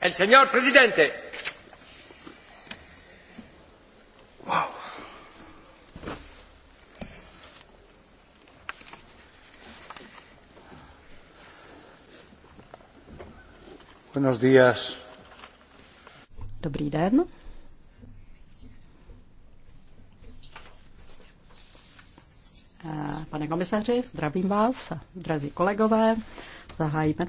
El señor presidente. Wow. Buenos días. Dobrý den. Eh, pane komisaři, zdravím vás, drazí kolegové. Zahájíme